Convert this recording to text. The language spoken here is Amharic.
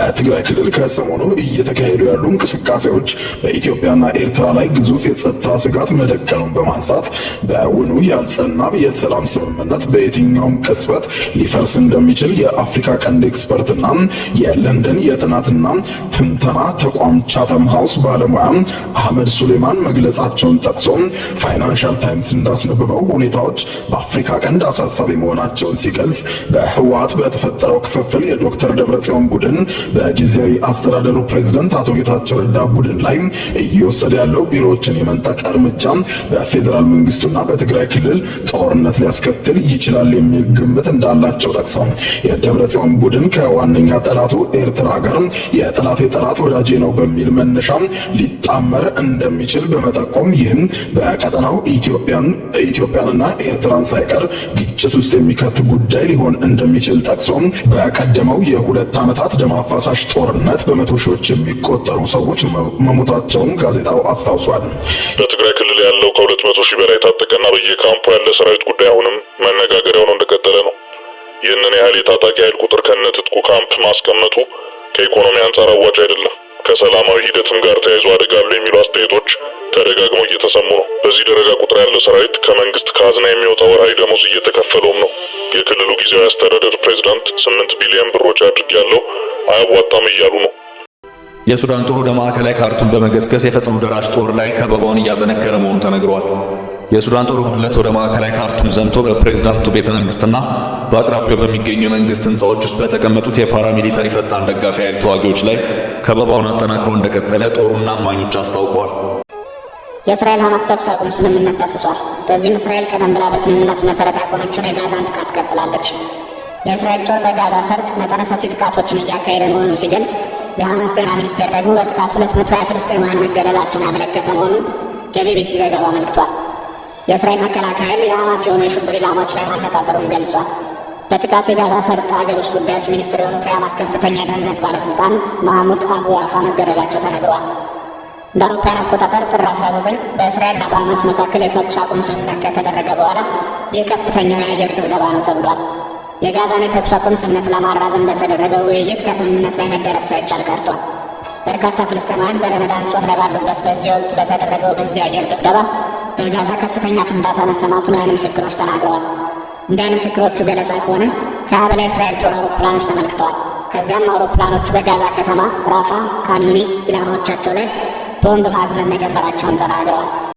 በትግራይ ክልል ከሰሞኑ እየተካሄዱ ያሉ እንቅስቃሴዎች በኢትዮጵያና ኤርትራ ላይ ግዙፍ የጸጥታ ስጋት መደቀኑን በማንሳት በውኑ ያልጸናም የሰላም ስምምነት በየትኛውም ቅጽበት ሊፈርስ እንደሚችል የአፍሪካ ቀንድ ኤክስፐርትና የለንደን የጥናትና ትንተና ተቋም ቻተም ሃውስ ባለሙያ አህመድ ሱሌማን መግለጻቸውን ጠቅሶ ፋይናንሻል ታይምስ እንዳስነብበው ሁኔታዎች በአፍሪካ ቀንድ አሳሳቢ መሆናቸውን ሲገልጽ በህወሓት በተፈጠረው ክፍፍል የዶክተር ደብረጽዮን ቡድን በጊዜያዊ አስተዳደሩ ፕሬዝደንት አቶ ጌታቸው ረዳ ቡድን ላይ እየወሰደ ያለው ቢሮዎችን የመንጠቅ እርምጃ በፌዴራል መንግስቱና በትግራይ ክልል ጦርነት ሊያስከትል ይችላል የሚል ግምት እንዳላቸው ጠቅሰው የደብረጽዮን ቡድን ከዋነኛ ጠላቱ ኤርትራ ጋር የጠላት ጠላት ወዳጄ ነው በሚል መነሻ ሊጣመር እንደሚችል በመጠቆም ይህም በቀጠናው ኢትዮጵያንና ኤርትራን ሳይቀር ግጭት ውስጥ የሚከት ጉዳይ ሊሆን እንደሚችል ጠቅሶ በቀደመው የሁለት ዓመታት ደም አፋሳሽ ጦርነት በመቶ ሺዎች የሚቆጠሩ ሰዎች መሞታቸውን ጋዜጣው አስታውሷል። በትግራይ ክልል ያለው ከሁለት መቶ ሺህ በላይ የታጠቀና በየካምፑ ያለ ሰራዊት ጉዳይ አሁንም መነጋገሪያ ሆኖ እንደቀጠለ ነው። ይህንን ያህል የታጣቂ ኃይል ቁጥር ከነትጥቁ ካምፕ ማስቀመጡ ከኢኮኖሚ አንጻር አዋጭ አይደለም፣ ከሰላማዊ ሂደትም ጋር ተያይዞ አደጋሉ የሚሉ አስተያየቶች ተደጋግመው እየተሰሙ ነው። በዚህ ደረጃ ቁጥር ያለው ሰራዊት ከመንግስት ካዝና የሚወጣ ወርሃዊ ደሞዝ እየተከፈለውም ነው። የክልሉ ጊዜያዊ አስተዳደር ፕሬዝዳንት ስምንት ቢሊዮን ብር ወጪ ያለው አያዋጣም እያሉ ነው። የሱዳን ጦር ወደ ማዕከላዊ ካርቱም በመገስገስ የፈጥኖ ደራሽ ጦር ላይ ከበባውን እያጠነከረ መሆኑ ተነግሯል። የሱዳን ጦር ጉድለት ወደ ማዕከላዊ ካርቱም ዘምቶ በፕሬዝዳንቱ ቤተ መንግስትና በአቅራቢያው በሚገኙ የመንግስት ህንፃዎች ውስጥ በተቀመጡት የፓራሚሊተሪ ፈጣን ደጋፊ ኃይል ተዋጊዎች ላይ ከበባውን አጠናክሮ እንደቀጠለ ጦሩና አማኞች አስታውቀዋል። የእስራኤል ሐማስ ተኩስ አቁም ስምምነት ተጥሷል። በዚህም እስራኤል ቀደም ብላ በስምምነቱ መሰረት ያቆመችውን የጋዛን ጥቃት ቀጥላለች። የእስራኤል ጦር በጋዛ ሰርጥ መጠነ ሰፊ ጥቃቶችን እያካሄደ መሆኑን ሲገልጽ የሐማስ ጤና ሚኒስቴር ደግሞ በጥቃት ሁለት መቶ ያህል ፍልስጤማውያን መገደላቸውን ያመለከተ መሆኑን የቢቢሲ ዘገባ አመልክቷል። የእስራኤል መከላከያ ኃይል የሐማስ የሆኑ የሽብር ኢላማዎች ላይ ማነጣጠሩን ገልጿል። በጥቃቱ የጋዛ ሰርጥ ሀገር ውስጥ ጉዳዮች ሚኒስትር የሆኑት የሐማስ ከፍተኛ ደህንነት ባለሥልጣን መሐሙድ አቡ አልፋ መገደላቸው ተነግሯል። እንደ አውሮፓውያን አቆጣጠር ጥር 19 በእስራኤልና በሐማስ መካከል የተኩስ አቁም ስምምነት ከተደረገ በኋላ የከፍተኛው የአየር ድብደባ ነው ተብሏል። የጋዛን የተኩስ አቁም ስምምነት ለማራዘም በተደረገው ውይይት ከስምምነት ላይ መደረስ ሳይቻል ቀርቷል። በርካታ ፍልስጤማውያን በረመዳን ጾም ላይ ባሉበት በዚህ ወቅት በተደረገው በዚህ አየር ድብደባ በጋዛ ከፍተኛ ፍንዳታ መሰማቱን የዓይን ምስክሮች ተናግረዋል። እንደ ዓይን ምስክሮቹ ገለጻ ከሆነ ከሀያ በላይ እስራኤል ጦር አውሮፕላኖች ተመልክተዋል። ከዚያም አውሮፕላኖቹ በጋዛ ከተማ ራፋ፣ ካን ዩኒስ ኢላማዎቻቸው ላይ ቦምብ ማዝመን መጀመራቸውን ተናግረዋል።